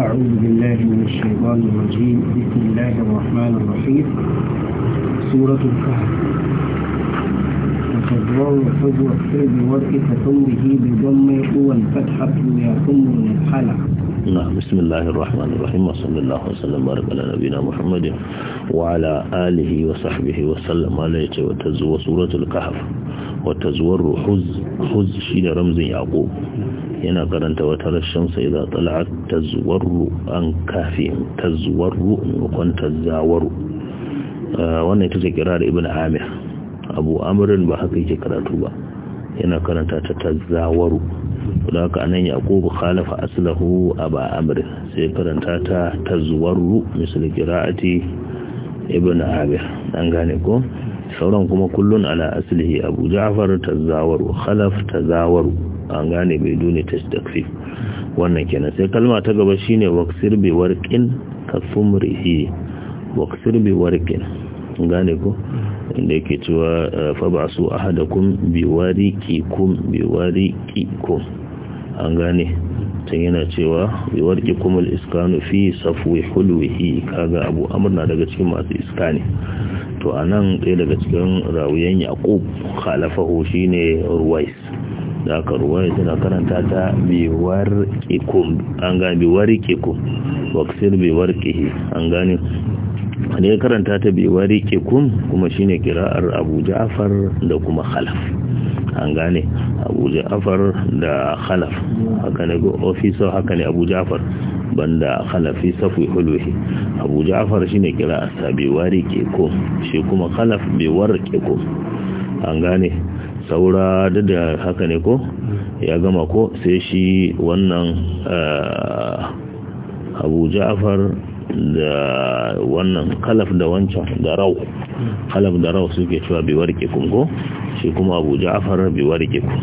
أعوذ بالله من الشيطان الرجيم بسم الله الرحمن الرحيم سورة الكهف وتضرع حجر السر بورق تتمره بضم والفتحة يتم الحلق نعم بسم الله الرحمن الرحيم وصلى الله وسلم وبارك على نبينا محمد وعلى آله وصحبه وسلم عليه وتزور سورة الكهف وتزور حز حز شين رمز يعقوب yana karanta wata rashin sai za tsala'ar ta zuwarru an kafe ta zuwarru nukon ta zawaru ah, wannan ita ce da ibn amir abu amirin ba haka yake karatu ba yana karanta ta ta zawaru da haka anan yaqubu khalafa aslahu aba amr sai karanta ta ta zuwarru misal qira'ati ibn amir an gane ko sauran kuma kullun ala aslihi abu ja'far tazawaru khalaf tazawaru an gane bai duni ta takfif wannan kenan sai kalma ta gaba shine waksir bi warqin kasumrihi waksir bi warqin gane ko inda yake cewa eh, fa ba su ahadakum bi wariqikum bi wariqikum an gane tun yana cewa bi warqikum al iskanu fi safwi hulwihi kaga abu amurna daga cikin masu iska ne to anan ɗaya daga cikin rawuyan yaqub khalafahu shine ruwais da aka ruwaya suna karanta ta biwar ikum an gane biwar ikum waksir biwar kihi an gane da ya karanta ta biwar ikum kuma shine kira'ar abu ja'afar da kuma khalaf an gane abu ja'afar da khalaf haka ne ofiso haka ne abu ja'far banda khalafi safi hulwihi abu ja'far shine kira'ar ta biwar ikum shi kuma khalaf biwar ikum an gane saura da da haka ne ko ya gama ko sai shi wannan abu ja'afar da wannan kalaf da wancan da rau kalaf da rau suke cewa bi warke kun ko shi kuma abu ja'afar bi warke kun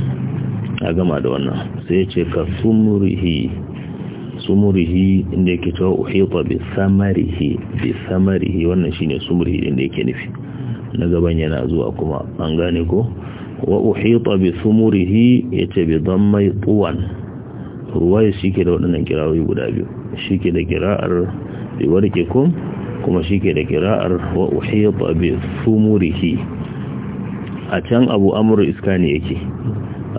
ya gama da wannan sai ce ka sumurihi sumurihi inda yake cewa uhita bi samarihi bi samarihi wannan shine sumurihi inda yake nufi na gaban yana zuwa kuma an gane ko wa uhita bi thumurihi yace bi dammai tuwan ruwaya shike da waɗannan kirawoyi guda biyu shike da kira'ar liwarkikum kuma shike da kira'ar wa uhita bi thumurihi a can abu amru iskani yake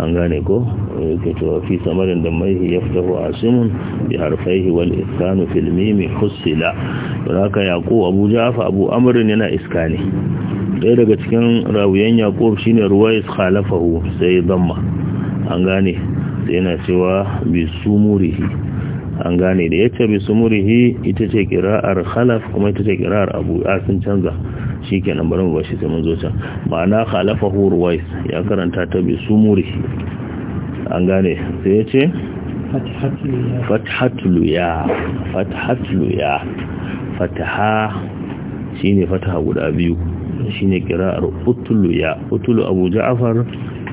an gane ko yake to fi samarin da mai yaftahu asimun bi harfaihi wal iskanu fil mim husila raka yaqu abu jafa abu amr yana iskani ɗaya daga cikin rawuyan yaƙob shine ruwais khalafahu sai zamma an gane sai yana cewa bi sumurihi an gane da yace bi sumurihi ita ce kira'ar khalaf kuma ita ce kira'ar abu a sun canza shi kenan bari mu bashi sai mun zo can ma'ana khalafahu ruwais ya karanta ta bi sumurihi an gane sai yace fathatluya fathatluya fataha shine fataha guda biyu shine kira'ar utulu ya utulu abu ja'afar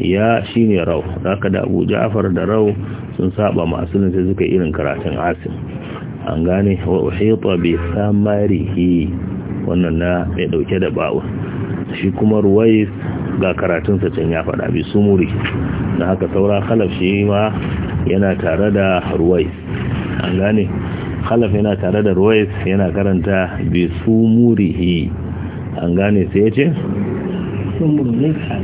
ya shine rau haka da abu ja'afar da rau sun saba masu nan sai suka irin karatun asim an gane wa uhita bi samarihi wannan na mai dauke da bawo shi kuma ruwai ga karatun sa can ya faɗa bi sumuri na haka saura khalaf shi ma yana tare da ruwai an gane khalaf yana tare da ruwai yana karanta bi sumurihi an gane sai ya ce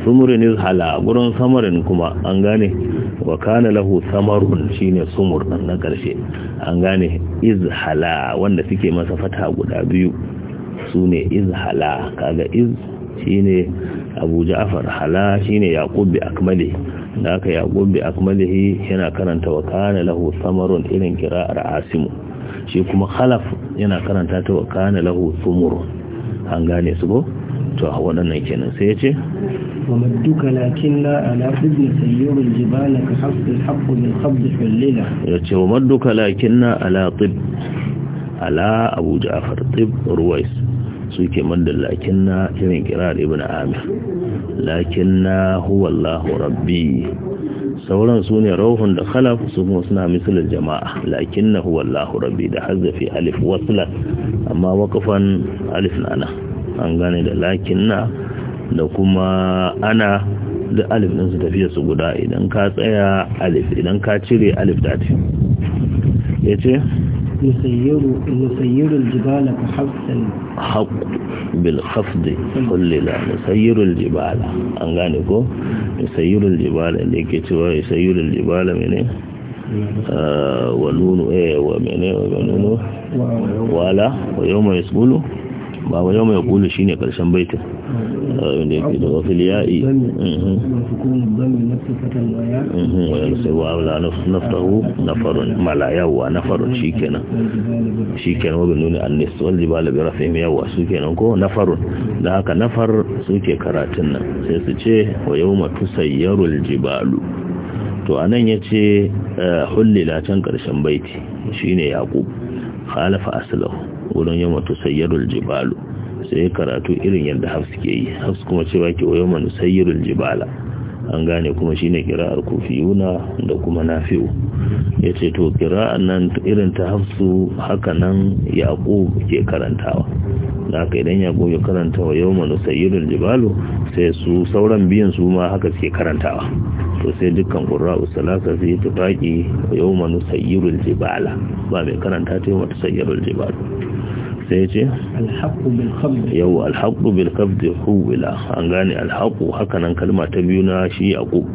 sumurin izhala gurin samarin kuma an gane wa kana lahu samarun shine sumur nan na karshe an gane izhala wanda suke masa fata guda biyu sune izhala kaga iz shine Abu Ja'far hala shine Yaqub bi akmali da aka Yaqub bi yana karanta wa kana lahu samarun irin kira'ar Asimu shi kuma khalaf yana karanta ta wa kana lahu sumurun an gane su ko to a nan kenan sai ya ce duka lakin na ala ibn sayyurin ka ya ce wa duka lakin na ala tib ala abu tib ruwais su ke manda lakin na irin kirar ibn amir lakin na huwa allahu rabbi sauran su ne rohun da khalaf su mu suna misalin jama'a lakin na huwa Allahu rabbi da hazafi alif wasla amma wakafan alif na ana an gane da lakin na da kuma ana da alif su tafiya su guda idan ka tsaya alif idan ka cire alif dati ya ce yusayyiru jibala ka haƙƙan haƙƙu bilhafdi kullila musayyirul jibala an gane ko musayyirul jibala da ke cewa musayyirul jibala mene wa nunu eh wa mene wa nunu wala wa yawma yasbulu ba wa yau mai kulu shi ne ƙarshen baitin wanda hmm. yake da hmm. ko na da haka na karatun nan sai su ce jibalu to a nan ya eh, can ƙarshen baiti shi yaƙub wurin yamma to sayyarul jibalu sai karatu irin yadda hafs ke yi hafs kuma cewa ke wa yamma sayyarul jibala an gane kuma shine kira'ar kufiyuna da kuma nafi'u yace to kira'an nan irin ta hafsu haka nan yaqub ke karantawa haka idan yaqub ya karanta wa yawma sayyarul jibalu sai su sauran biyan su ma haka suke karantawa to sai dukkan qurra'u salasa zai tufaqi wa yawma sayyarul jibala ba mai karanta ta mata sayyarul jibalu sai ce yau bil bilkabdi huwila an gane alhaƙu hakanan kalma ta biyu na shi aku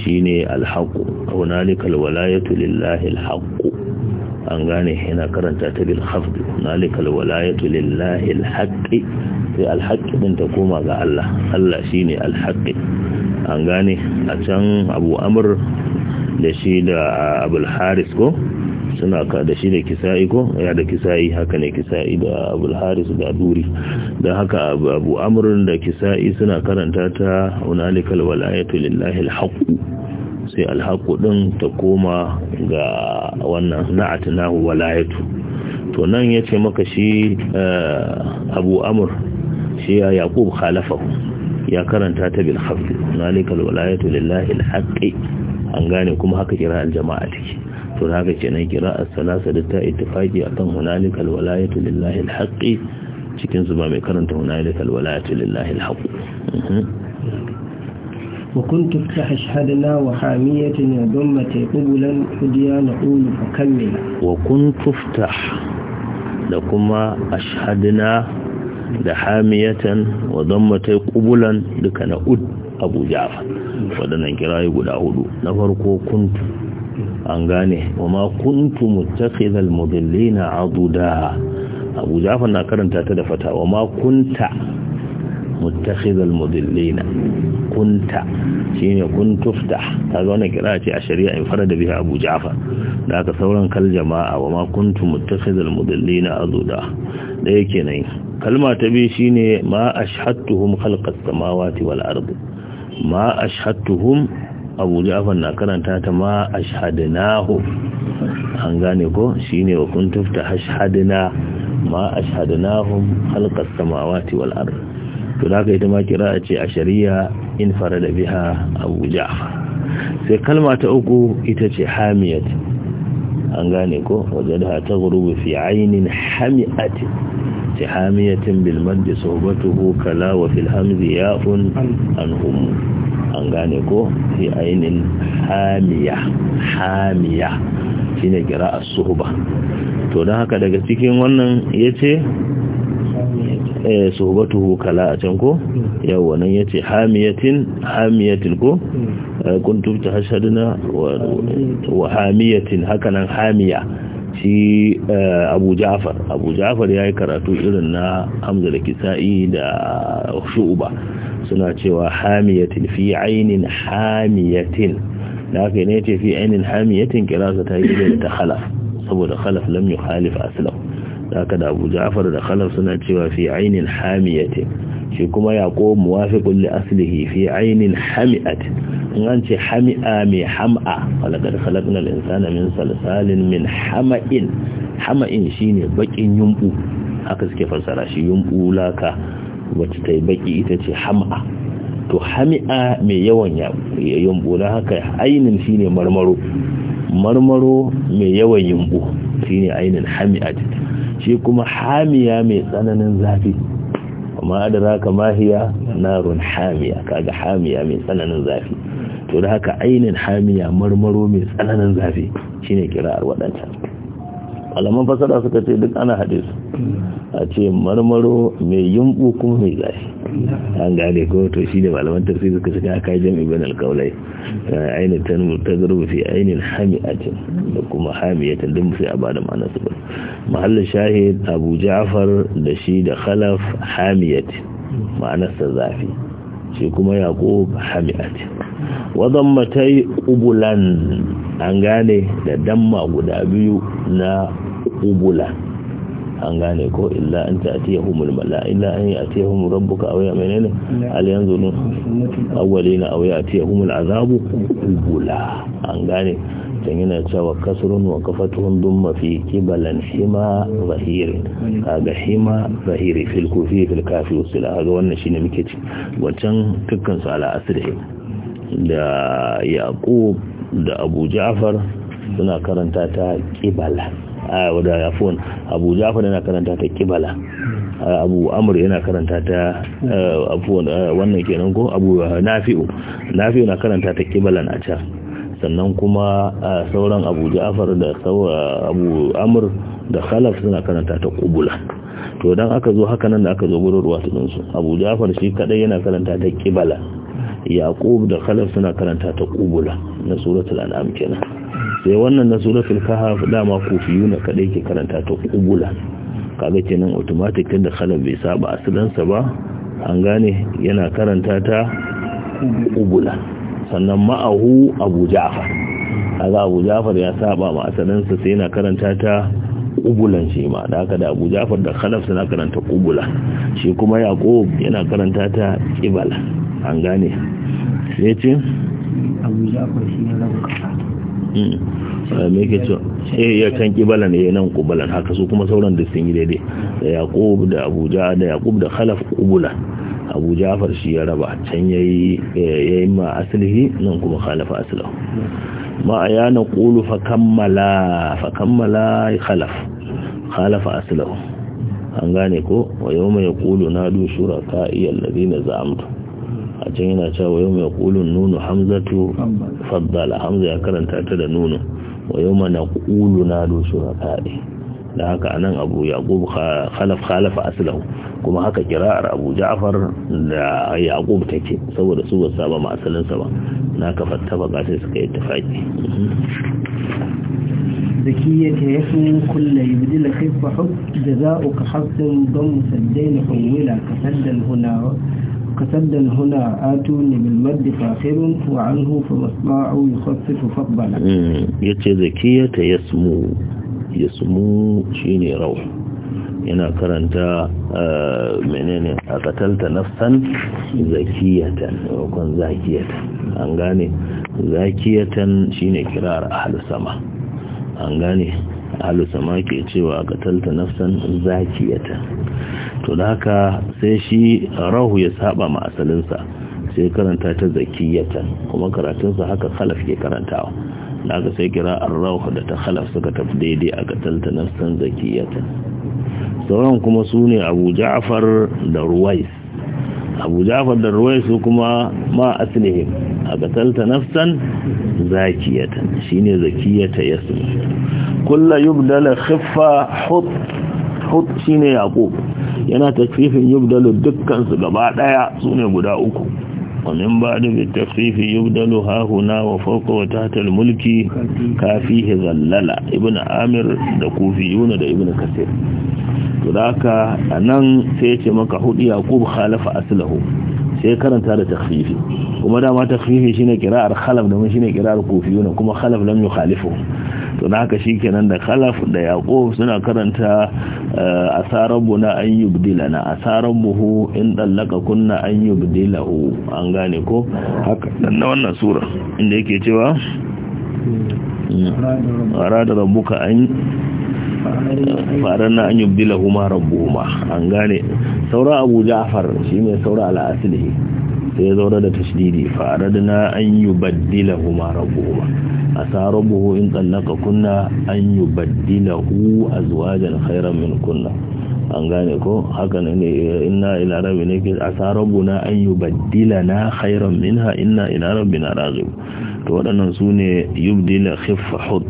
shi ne alhaƙu hunalikal walayatu lillahi alhaƙu an gane yana karanta ta bilkabdi hunalikal walayatu lillahi alhaƙi sai alhaƙi din ta koma ga Allah Allah shi ne alhaƙi an gane a can abu amur da shi da abul haris ko suna ka da shi ne kisa'i ko ya da kisa'i haka ne kisa'i da abul haris da duri da haka abu amurin da kisa'i suna karanta ta hunalikal walayatu lillahi alhaqu sai alhaqu din ta koma ga wannan na'atnahu walayatu to nan yace maka shi eh, abu amur shi ya yaqub khalafahu ya karanta ta bil khafd hunalikal walayatu lillahi alhaqi an gane kuma haka kira aljama'a take to haka kenan qira'at salasa da ta ittifaqi akan hunalikal walayatu lillahi alhaqi cikin zuba mai karanta hunalikal walayatu lillahi alhaq وكنت mhm. افتح اشهدنا وحامية وضمتي قبلا هديا نقول فكمل fakammil wa kuntu اشهدنا da hamiyatan wa zammatai kubulan duka na ud abu jafar wadannan kirayi guda hudu na farko kuntu an gane wama kuntu muttakhidhal mudillina aduda Abu Ja'far na karanta ta da fata wa ma kunta muttakhidhal mudillina kunta shine kun tuftah kaga wannan kira ce a shari'a in farada biha Abu Ja'far da aka sauran kal jama'a wama kuntu muttakhidhal mudillina aduda da yake nan kalma ta bi shine ma ashhadtuhum khalqas samawati wal ardi ma ashhadtuhum abu ja'far na karanta ta ma ashhadnahu an gane ko shine wa kun ta ashhadna ma ashhadnahum khalqas samawati wal to da ita ma kira a ce a shari'a in da biha abu ja'far sai kalma ta uku ita ce hamiyat an gane ko wajadaha gurubu fi hamiyatin hami'atin da بالمد hukala wa filhamzi ya'un an أنهم an gane ko fi ainin hamiya hamiya shine qira'ar suhba to don haka daga cikin wannan yace eh suhbatuhu kala a can ko yawa nan yace hamiyatin hamiyatin ko eh, kuntum tahshaduna wa hamiyatin haka nan hamiya shi eh, abu ja'far abu ja'far yayi karatu irin na hamza da kisa'i da shu'ba suna cewa hamiyatin fi ainin hamiyatin da aka yi ne ce fi ainin hamiyatin kirasa ta yi da ta khalaf saboda khalaf lam yi khalif aslam da aka da abu ja'afar da khalaf suna cewa fi ainin hamiyatin shi kuma ya ko muwafi li aslihi fi ainin hami'at in an ce hami'a mai ham'a falakar na insana min salsalin min hama'in hama'in shine baƙin yumbu haka suke fassara shi yumbu laka wacce ta yi baki ita ce ham'a to hami'a mai yawan yambo na haka ainin ne marmaro marmaro mai yawan yambo shine ainin hami'a shi kuma hamiya mai tsananin zafi amma ka mahiya narun hamiya kaga hamiya mai tsananin zafi to da haka ainin hamiya marmaro mai tsananin zafi shi shine kira'ar waɗancan malaman fasara suka ce duk ana haɗe su a ce marmaro mai yumbu kuma mai zafi an gane ko to shi ne malaman tafsir suka shiga aka yi jam'i alkaulai eh, ainihin ta tazarbu fi ainihin cin da kuma hami ya don musu a ba da ma'ana su ba mahallin shahid abu ja'far da shi da khalaf ma'ana ma'anarsa zafi shi kuma yaqub hamiyatin wadan matai ubulan. an gane da damma guda biyu na ubula an gane ko illa an ta ati ya humul mala illa an yi ati ya humul rabbuka a waya mai nene aliyanzu ne awali na a ati ya humul azabu ubula an gane can yana cewa kasurun wa kafatun dun mafi kibalan shima zahiri ga shima zahiri filkofi filkafi fil kafi ga wannan shi ne muke ci wancan tukkan su ala asirin da yaƙo. da abu ja'far suna karanta ta kibala a ah, wadda yafon abu ja'far yana karanta ta kibala ah, abu amur yana karanta ta ah, wannan kenan ko abu nafi'u nafi'u na karanta ta kibalan a can sannan kuma sauran abu ja'far da abu amur da khalaf suna karanta ta kubula to don aka zo haka nan da aka zo gurin ruwa su abu ja'far shi kadai yana karanta ta kibala yaqub da khalaf suna karanta ta qubula na suratul an'am kenan sai wannan na suratul kahf dama kufiyuna kadai ke karanta ta qubula kaga kenan automatic da khalaf bai saba sa ba an gane yana karanta ta qubula sannan ma'ahu abu ja'far kaga abu ja'far ya saba ma sa sai yana karanta ta kubulan shi ma da haka da abu jafar da khalaf suna karanta kubula shi kuma yaqub yana karanta ta ƙibala an gane ya ce abu jafar shi ne rabu kasa hmm. me ke ce eh, ya can kibala ne ya nan ƙubulan haka su kuma sauran da sun yi daidai da yaqub da abuja da yaqub da khalaf kubula abu jafar shi ya raba can ya yi eh, ma asilihi nan kuma khalafa asilahu ma a yana kammala fakammala fakammala khalaf khalafa aslahu an gane ko wa yawma yaqulu nadu shuraka alladhina za'amtu a can yana cewa wa yawma yaqulu nunu hamzatu faddala hamza ya karanta ta da nunu wa yawma naqulu nadu shuraka da haka anan abu yaqub khalaf khalafa aslahu kuma haka kira'ar abu ja'far da yaqub take saboda su ba saba ma asalin sa ba naka fattafa sai suka yi tafaki zaki yake ya kulle yi bidi da za u ka hafsin don musaddai na kwanwila ka saddan huna atu ne bil fafirin wa hufa masu yi kwafi su fabbala ya ce zaki ya ta shi ne rau yana karanta menene a katalta nafsan zakiyatan zakiyatan an gane zakiyatan shine kirar ahal sama an gane ahalu sama ke cewa talta nafsan zakiyata to da haka sai shi rahu ya saba ma asalinsa sai karanta ta zakiyata kuma karatunsa haka khalaf ke karantawa da haka sai kira rahu da ta khalaf suka tafi daidai a talta nafsan zakiyata sauran kuma su ne abu ja'far da ruwais abu jafar da ruwai su kuma ma asilihim a katalta nafsan zakiyata shine zakiyata yasmi kulla yubdala khiffa hut shi shine yaƙo yana takrifin yubdalu dukkan su gaba ɗaya sune guda uku ومن بعد بالتخفيف يبدل ها wa وفوق وتحت الملك كافيه ظللا ابن عامر da kufiyuna da ibn kasir to da haka anan sai ce maka huɗu yaqub khalafa aslahu sai karanta da takhfifi kuma dama takhfifi shine qira'ar halaf dama mun shine qira'ar kufiyuna kuma khalaf lam yukhalifu don haka shi kenan da khalaf da yaqub suna karanta eh, asarabu na an yubdilana asarabuhu in dallaka kunna an yubdilahu an gane ko haka dan wannan sura inda yake cewa hmm, arada rabbuka an faran na an yubdilahu ma rabbuhuma an gane saura abu ja'far ne saura al-aslihi sai zo da tashdidi fa aradna an yubaddila huma rabbuhuma asa rabbuhu in tallaka kunna an hu azwajan khayran min kunna an gane ko haka ne inna ila rabbina ke asa rabbuna an yubaddilana khayran minha inna ila rabbina raghib to waɗannan sune yubdila khiffa hud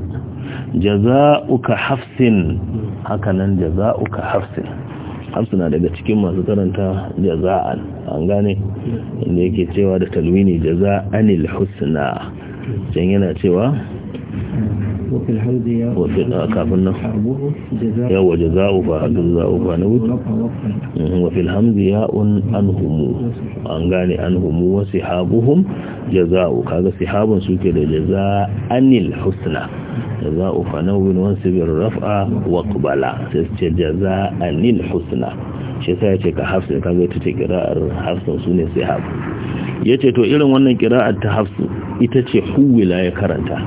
jazaa'uka hafsin haka nan jaza'uka hafsin hamsu daga cikin masu karanta jaza'an an gane inda yake cewa da talwini jaza'anil husna can yana cewa وفي الحوض يا وفي كافنا يا وجزاء فجزاء فنوت وفي الحمد ياء أنهم أنغاني أنهم وسحابهم جزاء كذا سحاب سوكي جزاء أن الحسنى جزاء فنو وانسب الرفع وقبلا جزاء أن الحسنى shi sai ce ka hafsu ka ga ta ce kira'ar hafsu su ne sai hafu ya ce to irin wannan kira'ar ta hafsu ita ce huwila ya karanta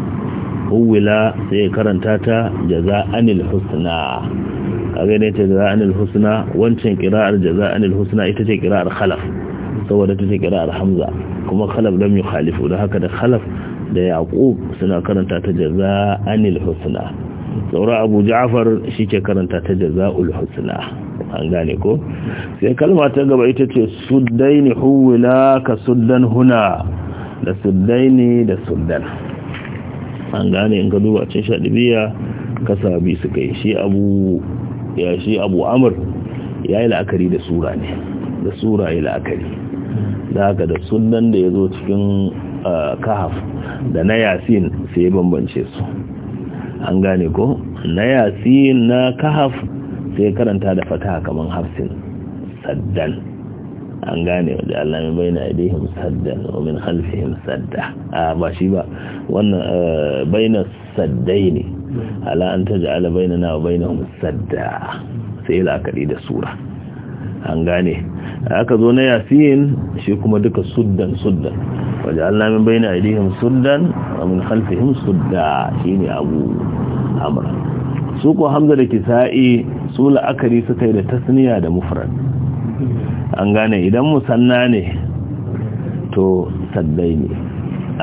fawwila sai karanta ta jaza'anil husna kaga ne ta jaza'anil husna wancan qira'ar jaza'anil husna ita ce kira'ar khalaf saboda ta ce qira'ar hamza kuma khalaf lam yukhalifu da haka da khalaf da yaqub suna karanta ta jaza'anil husna saura abu ja'far shike karanta ta jaza'ul husna an gane ko sai kalma ta gaba ita ce suddaini huwila ka suddan huna da suddaini da suddan an gane in ka duba cin shaɗibiya kasa sabi su kai shi abu ya shi abu amur ya yi la'akari da sura ne da sura ya yi la'akari da haka da sunan da ya zo cikin kahaf da na yasin sai ya bambance su an gane ko na yasin na kahaf sai karanta da fataha kamar hafsin saddan an gane wajen Allah min a aidihim saddan wa min khalfihim sadda a ba shi ba wannan eh, bayna saddai ne ala an taj'ala bainana wa bainahum sadda sai la'akari da sura an gane aka zo na yasin shi kuma duka suddan suddan wajen Allah min bayna aidihim suddan wa min khalfihim shi ne abu amr su ko hamza da kisa'i su la'akari suka yi da tasniya da mufrad an gane idan musanna ne to saddai ne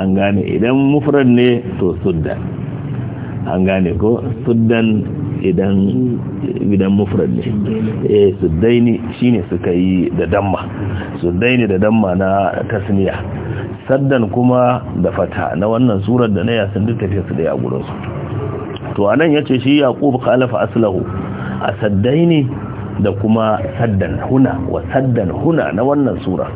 an gane idan mufrad ne to sudda an gane ko suddan idan idan mufrad ne eh ne shine suka yi da damma ne da damma na tasniya saddan kuma da fata na wannan surar da na yasin duk tafiya su da ya gurin su to anan yace shi yaqub khalafa aslahu asaddaini da kuma saddan huna wa saddan huna na wannan sura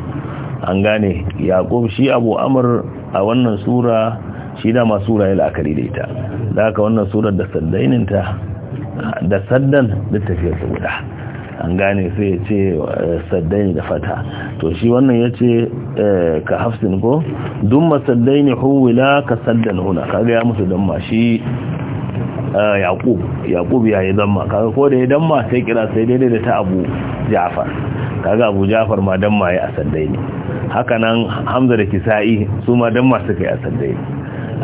an gane yaqub shi abu amr a wannan sura shi ma sura ya la'akari da ita da haka wannan surar da saddaininta da saddan da tafiyar su guda an gane sai ya ce eh, saddaini da fata to shi wannan ya ce eh, ka hafsin ko dumma saddaini huwila ka saddan huna kaga ya musu ma shi Ah, yaqub yaqub yayi damma kaga ko da ya damma sai kira sai daidai da ta abu ja'far kaga abu ja'far ma damma yayi asaddai ne haka nan hamza da kisa'i su ma damma suka yi asaddai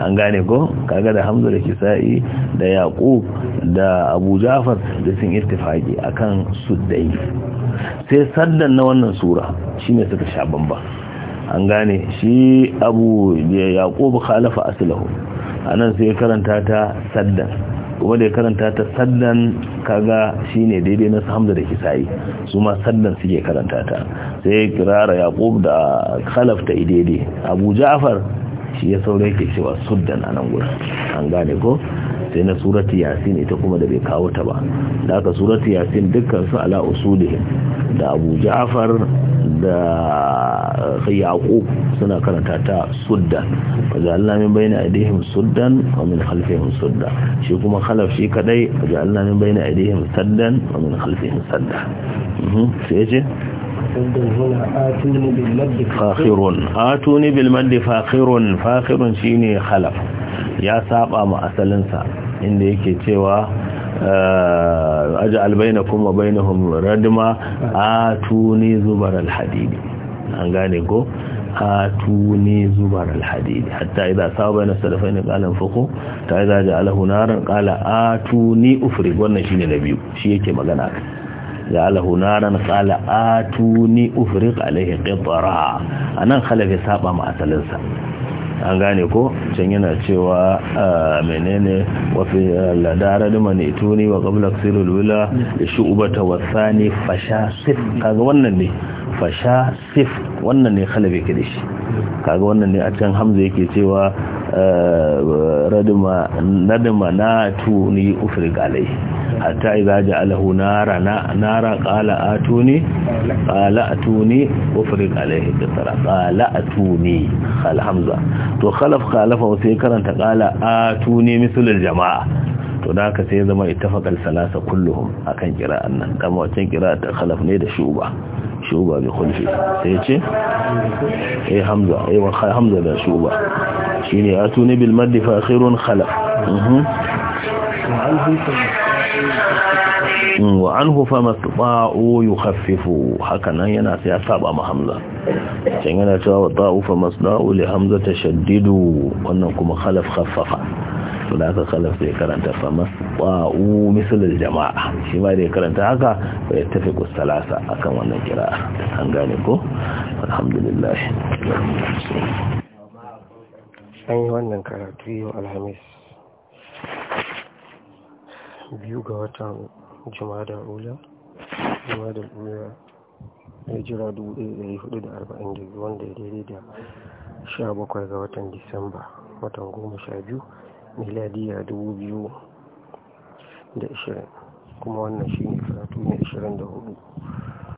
an gane ko kaga da hamza da kisa'i da yaqub da abu ja'far da sun irtifaki akan suddai sai saddan na wannan sura shine suka sha bamba an gane shi abu yaqub khalafa aslahu anan sai karanta ta saddan kuma da ya karanta ta sallan kaga shine daidai na hamza da kisa'i su ma sallan suke karanta ta sai ya kirara yaqub da khalaf ta idede abu ja'far shi ya saurayi ke cewa suddan anan gurin an gane ko sai na suratu yasin ita kuma da bai kawo ta ba da aka suratu yasin dukkan su ala usulihim da abu ja'far da yaqub suna karanta ta suddan wajalna min bayna aydihim suddan wa min khalfihim sudda shi kuma khalaf shi kadai wajalna min bayna aydihim saddan wa min khalfihim sadda mhm sai ce fakhirun atuni bil mad fakhirun fakhirun shine khalaf ya saba ma asalinsa inda yake cewa ah, aj'al bainakum wa bainahum radma atuni zubar alhadid an gane go atuni zubar alhadid hatta idza saba bayna sadafain qala anfuqu ta idza ja'alahu naran qala atuni ufrig wannan shine biyu shi yake magana ya ja'alahu naran qala atuni ufrig alayhi qitra anan khalafi saba ma asalinsa an gane ko can yana cewa ah, menene wafi eh, ladara da mani tuni wa gabla sirul wula da wasa ne fasha sif kaga wannan ne fasha sif wannan ne halabe ke da shi kaga wannan ne a can hamza yake cewa nadima na tuni ufri alai hatta iza ji alahu nara kala a tuni kala a tuni ufirka alai hikisara kala a tuni alhamza to khalaf khalafa sai karanta kala a tuni misalin jama'a to da ka sai zama ittafaqal salasa kulluhum akan kira'an nan kama wancan kira'a ta khalaf ne da shuba shuba bi khulfi sai ce eh hamza eh hamza da shuba shine atuni bil maddi fa khairun khalaf mhm. mm, wa anhu fa matba'u yukhaffifu haka nan yana sai ya saba ma hamza can yana cewa ta'u fa masda'u li hamza tashaddidu wannan kuma khalaf khaffafa to da aka khalaf sai karanta fa matba'u misal jama'a shi ma da karanta haka bai tafi kusalasa akan wannan kira'a an gane ko alhamdulillah an yi wannan karatu yau alhamis biyu ga watan jimada ula jimada ula ya jira biyu wanda ya daidai da 17 ga watan disamba watan 12 miladiya 2020 kuma wannan shi ne karatu na 24